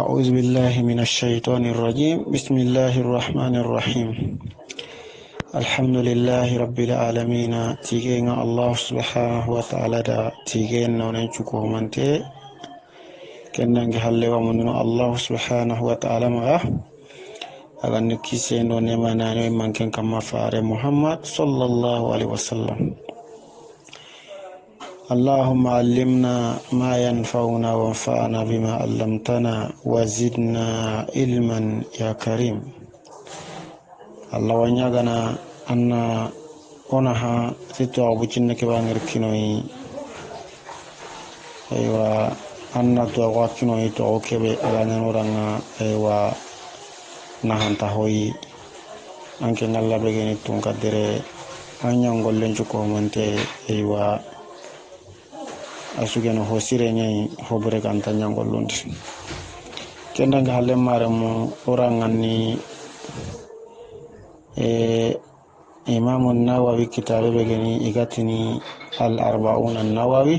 أعوذ بالله من الشيطان الرجيم بسم الله الرحمن الرحيم الحمد لله رب العالمين تيجين الله سبحانه وتعالى تيجينا وننشكو نونين شكومانتي كنا نجهل ومننا الله سبحانه وتعالى مغا أغنكي سينو نمانا نمان من كان كما محمد صلى الله عليه وسلم اللهم علمنا ما ينفعنا وانفعنا بما علمتنا وزدنا علما يا كريم الله ونيغنا أن ونها تتوى بجنة كبانغر كنوي أيوة أن توقع كنوي توقع كبه أغانا نورنا أيوة نهان تهوي أنك نالا بغيني تنكدر أن ينغل لنجكو منتي أيوة a sugeno ho sireñayi hobore kan ta ñangollude kendange ha lemmare mo oranganni e imamu nawawi kitabe ɓe geni al arbauna nawawi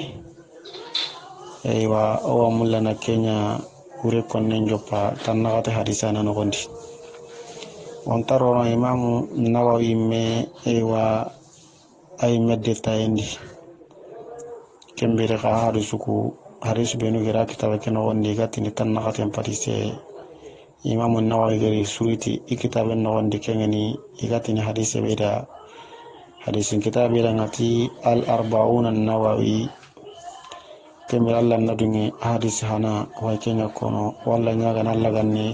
eywa owa mullana keña hure konne joppa tan naxate hadisa nanogondi on tarono imamu nawawi me eywa ayi medde tayendi kembere ka hari harisu benu gira kitaba keno ndiga tini tan nakaten patise imamu nawawi gari suriti ben kitabe nogondi kengeni tini hari se beda kita bira ngati al arbauna nawawi kembere allah nadunge hadis hana wa kenya kono walla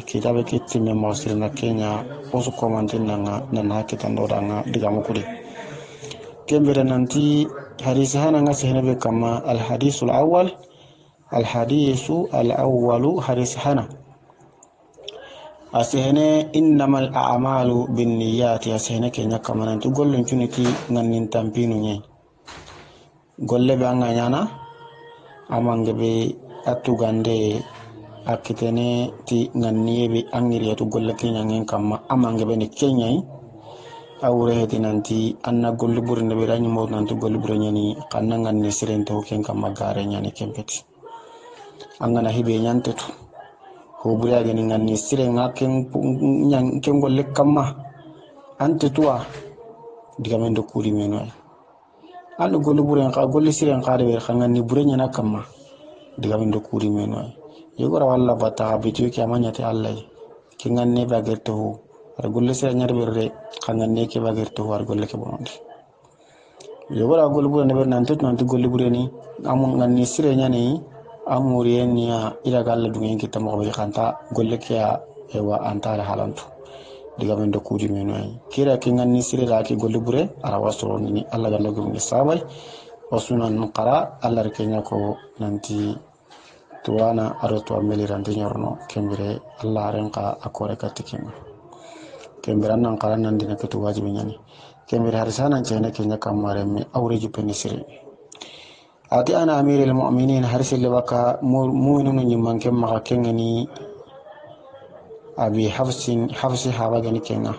kita allah kiti me mosir na kenya na komantinnanga nana hakkitandoɗanga diga mukuri kembere nanti hadisi hana nga sehne be kama alhadisu alawal alhadisu alawalu hadisi hana asehene innamal a'malu binniyati asehene kenya kamananti gollon cuniti gannin tampinu ñe golle be anga ñana amange be attugande akkitene ti ganniye be angiriyatu golle keñangen kamma amange be ni keñayi awureyeti nanti anna golli buri nde ɓeɗa ñimoru nanti golli bure ñani xanna ganni sirentoxu ken kamma gare ñani kempeti a gana hiɓe ñantetu ho buri ageni ganni sirenga ke golle kamma ante tuwa digamen do kuuri meno ay anɗo golli buren xa golli siren xaade ɓe xa ganni bure ñana kamma digamen do kuuri meno ay yegora walla batta xa bitiyo ke ama ñate allah ke ganne ɓe agertehu war golle se ñarbirde xanga ne ke bagirtu war golle ke bonondi yobara golle ɓuri neɓer nanti nanti golle ɓureni amun ganni sire ñani amuriyeniya iraga allah dungen kitta moxoɓe xanta golle keya ewa antare halantu digamen do kuuji men ay kira ke ganni sire ra ke golle ɓure ara wasoroni allah gallogomge sabay wasunan qara allah re keña ko nanti tuwana aɗo tuwa melirante ñorno kembire allah ren ka a kore kattikemen kembira nan kala nan dina ke tu wajibi nyani kembira harisa nan cene kenya kamare mi awre jupe ni siri ati ana amiril mu'minin harisi lebaka mu'minun nyimman kem maka kengeni abi hafsin hafsi haba gani kenga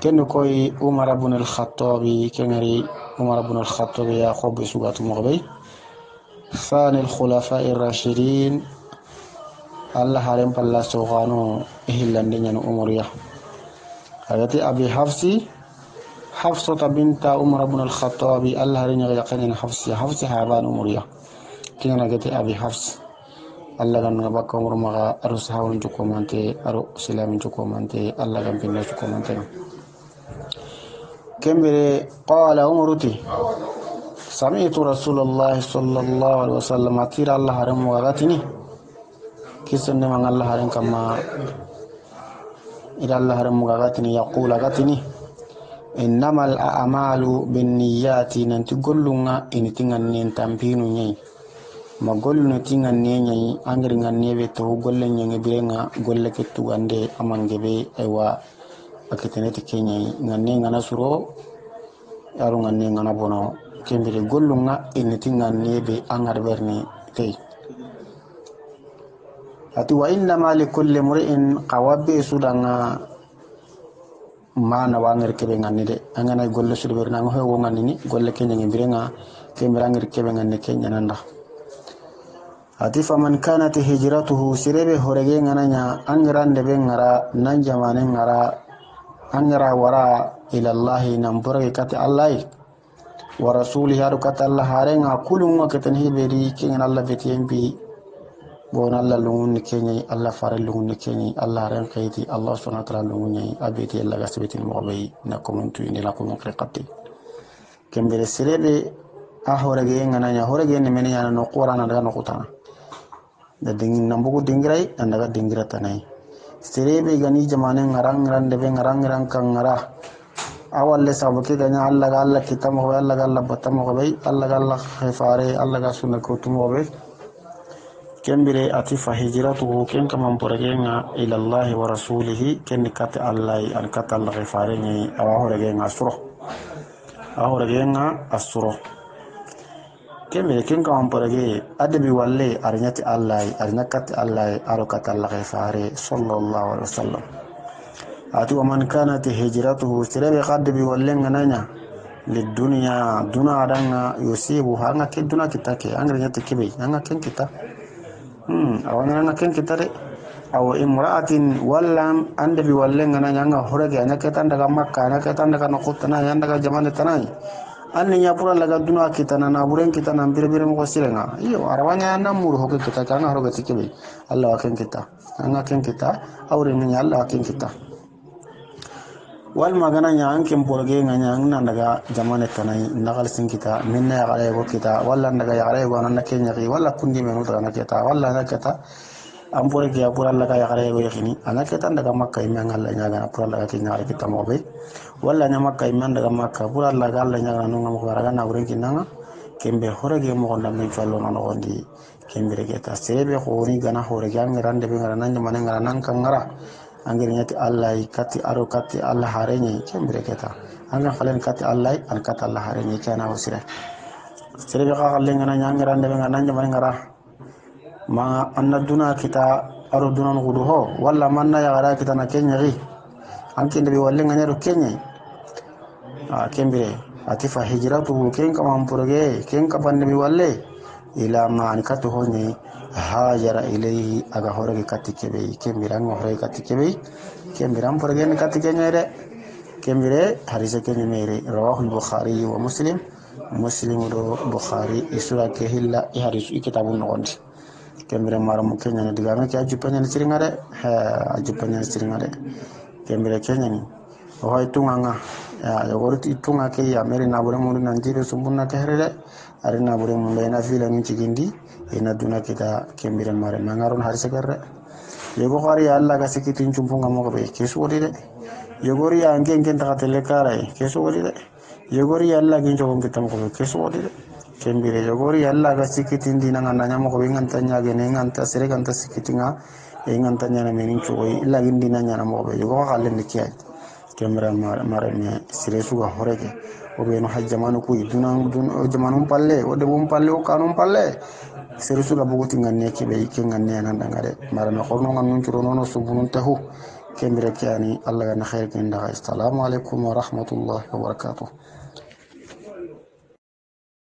kenno koy umar ibn al-khattab kengari umar ibn al-khattab ya khob sugatu mogbay ثاني الخلفاء الراشدين الله هرم بالله سوغانو إهلا دينيان أموريا حضرت أبي حفصي حفصة بنت عمر بن الخطاب الله رين يقين حفص حفص حيوان عمريا كنا نجت أبي حفص الله كان نبقى عمر مغا أروس حاول نجكو مانتي أرو سلام نجكو مانتي الله كان بينا نجكو مانتي كم قال عمرتي سمعت رسول الله صلى الله عليه وسلم أتير الله رم وغاتني كيسن نمان الله رم كما ila allahara mugagatini yaqula gatini innamal a'malu binniyati nanti gollunga initi ngannen tampinu nyai ma gollu nati nganne nyai angir nganne be to golle nyange birenga golle kettu gande amangebe ewa akiteneti kenyai nganne ngana suro yaru nganne ngana bono kembere gollunga initi nganne be angar berne tei ati wa ma li kulli mri'in qawabi sudanga mana wanger kebe ngani de angana golle sudu ber nang ho ngani ni golle kenya ngi birenga mira ngir kebe ngani kenya nanda ati faman kanat hijratuhu sirebe horege ngananya angirande be ngara nan jamane ngara angara wara ila allah nan burge kata allah wa kata allah harenga kulunga keten hiberi kenya allah betiyen bi bon allah lungun ni keñayi allah fare lungun ni keñayi allah haren kayiti allah subhanahu wa ta'ala lungun ñayi abeti allah ga sebetin na komin ni la komin qati kembere sirebe a horege ngana nya horege ne men nya no qur'ana daga no kutana da dingin nambugo dingirai dan daga dingira tanai sirebe gani jamane ngarang ngarang debe ngarang ngarang kangara awalle sabu ke ganya allah ga allah kitamo allah ga allah batamo be allah ga allah khifare allah ga sunna kutumo be kembire ati fa hijratuhu ken ila Allah wa rasulihi ken kati Allah, an kata allah ke farenye awa horegenga asuro awa horegenga asuro kembire ken kamanporege adebi walle arinyati Allah arinya kati Allah, aro kata allah ke fare sallallahu alaihi wasallam ati ti kanati hijratuhu sirebe kadebi wallenga nanya dunia duna adanga nggak, hanga ke duna kita ke angre nyati kebe hanga ken kita hmm yang na ken kitare aw imra'atin wallam ande bi wallen ngana nyanga horege anya ketan daga makka anya ketan daga nakutta na anya daga jamane tanai anni nya pura laga duna kita na na buren kita na bir bir mo iyo arwanya na mur hoke kita kanga horoge tikebe allah ken kita anga ken kita awre ni allah ken kita walma gana nya an kin borge nga nya nan daga jamane tanai nagal sin kita minna ya gare go kita walla daga ya gare go nan na walla kundi menu daga na kita walla na kita an borge ya pura laga ya gare go ana kita daga makka imen ngalla nya gana pura laga kinya gare kita mo be walla nya makka imen daga makka pura laga alla nya gana nunga mo garaga na wurin kinanga kembe horege mo gonda min fallo non gondi kembere ke ta sebe khori gana horege an garande be ngara nan jamane ngara nan kangara ti allahy kati Aru kati allah hari cem ken ta. Angin kalian kati allahy an kati allah hari hareñi kena ho sire kalian xa nyangiran dengan ndeɓenga na jamanengara ma anna duna kita aru dunan xudu ho walla manna yaxara kita ke ñaxi anke ndeɓe wallengañaɗo keñe a ah, ken bire atifa hijiratuhu ken kaman poroge ken kapan ndeɓe walle ila ma'ani katu honye hajara ilayhi aga horage kati kebe kemiran horage kati kebe kemiran porgen kati kenyere kemire harise kenyere rawahu bukhari wa muslim muslim do bukhari isura ke hilla ikitabu harisu i kitabun nogondi kemire maramu kenyani digame ke ajupanyani siringare ha ajupanyani siringare kemire kenyani oxa tunga nga yogorit i tunga ke yamere nabure mundu nanjiro sumbunna ke here de ari nabure mundu ena filanu cigindi ena duna kita kembiren mare mangaron hari seger de yogo ya alla ga sikitin cumpunga mogo be ke suwodi yogori ya nge ngen taxa tele karaye ke suwodi yogori ya alla gen cogon kita mogo be ke kembire yogori ya alla ga sikitin dina nga nanya mogo be nganta ñagene nganta sere ganta sikitinga e nganta ñana menin cugoy illagin dina ñana mogo be yogo xa xalen de kemera marane siresu ga horeke o be no hajjamanu kuy dunan dun jamanu palle o de bum palle o kanum palle siresu ga buguti nganne ke be ke nganne nan dangare marane horno ngannun curo nono subunun tahu kemera kiani allah ga na khair ken daga assalamu alaikum wa rahmatullahi wa barakatuh